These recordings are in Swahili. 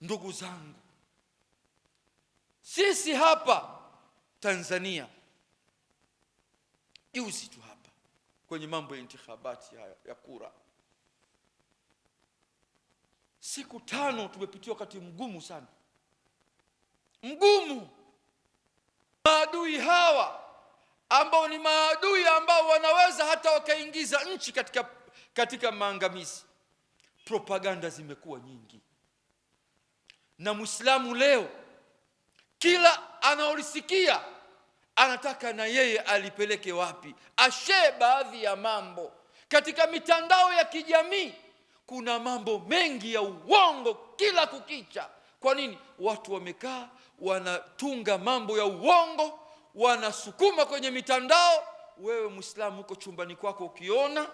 Ndugu zangu, sisi hapa Tanzania juzi tu hapa kwenye mambo ya intikhabati haya ya kura, siku tano tumepitia wakati mgumu sana, mgumu. Maadui hawa ambao ni maadui ambao wanaweza hata wakaingiza nchi katika, katika maangamizi. Propaganda zimekuwa nyingi na Muislamu leo kila anaolisikia anataka na yeye alipeleke wapi, ashee baadhi ya mambo katika mitandao ya kijamii. Kuna mambo mengi ya uongo kila kukicha. Kwa nini watu wamekaa wanatunga mambo ya uongo, wanasukuma kwenye mitandao? Wewe Muislamu huko chumbani kwako ukiona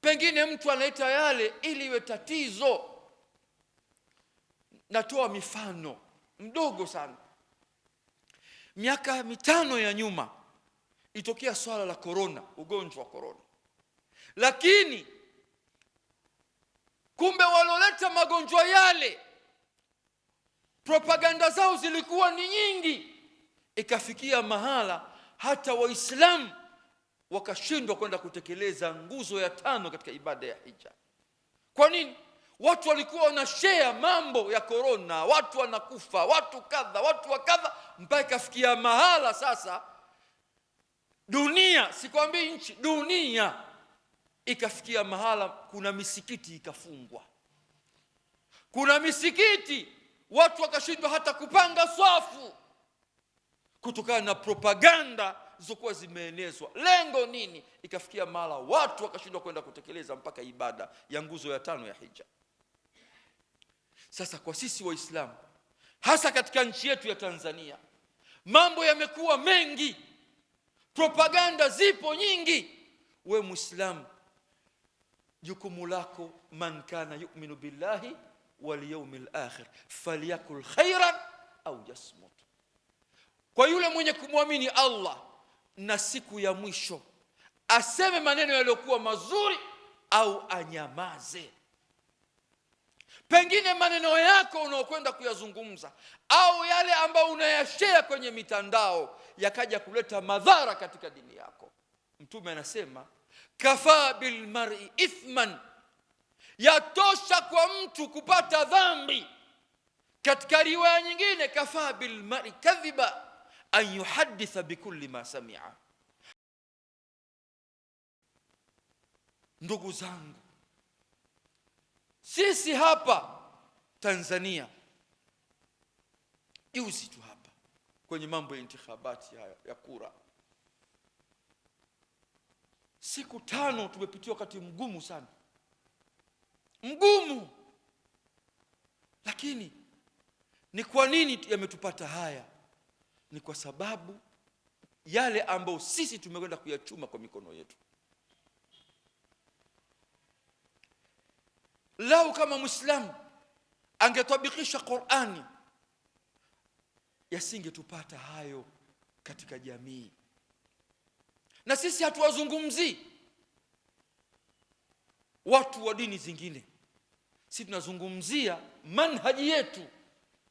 pengine mtu analeta yale ili iwe tatizo natoa mifano mdogo sana. Miaka mitano ya nyuma itokea swala la korona, ugonjwa wa korona, lakini kumbe waloleta magonjwa yale propaganda zao zilikuwa ni nyingi, ikafikia mahala hata Waislamu wakashindwa kwenda kutekeleza nguzo ya tano katika ibada ya hija. Kwa nini? watu walikuwa wanashea mambo ya korona, watu wanakufa, watu kadha, watu wa kadha, mpaka ikafikia mahala sasa dunia, sikwambii nchi, dunia ikafikia mahala, kuna misikiti ikafungwa, kuna misikiti watu wakashindwa hata kupanga swafu kutokana na propaganda zilizokuwa zimeenezwa. Lengo nini? Ikafikia mahala watu wakashindwa kwenda kutekeleza mpaka ibada ya nguzo ya tano ya hija. Sasa kwa sisi Waislamu, hasa katika nchi yetu ya Tanzania, mambo yamekuwa mengi, propaganda zipo nyingi. We Muislamu, jukumu lako, man kana yuminu billahi wal yawmil akhir falyakul khairan au yasmut, kwa yule mwenye kumwamini Allah na siku ya mwisho aseme maneno yaliyokuwa mazuri au anyamaze. Pengine maneno yako unaokwenda kuyazungumza au yale ambayo unayashea kwenye mitandao yakaja kuleta madhara katika dini yako. Mtume anasema kafaa bilmari ithman, yatosha kwa mtu kupata dhambi. Katika riwaya nyingine kafa bilmari kadhiba an yuhaditha bikulli ma samia. Ndugu zangu sisi hapa Tanzania juzi tu hapa kwenye mambo ya intikhabati haya ya kura, siku tano tumepitia wakati mgumu sana, mgumu. Lakini ni kwa nini yametupata haya? Ni kwa sababu yale ambayo sisi tumekwenda kuyachuma kwa mikono yetu. Lau kama mwislamu angetabikisha Qur'ani, yasingetupata hayo katika jamii. Na sisi hatuwazungumzii watu wa dini zingine, sisi tunazungumzia manhaji yetu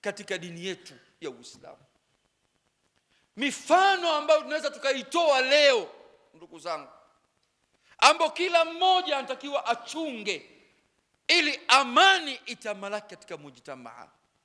katika dini yetu ya Uislamu. Mifano ambayo tunaweza tukaitoa leo, ndugu zangu, ambayo kila mmoja anatakiwa achunge ili amani itamalaki katika mujtamaa.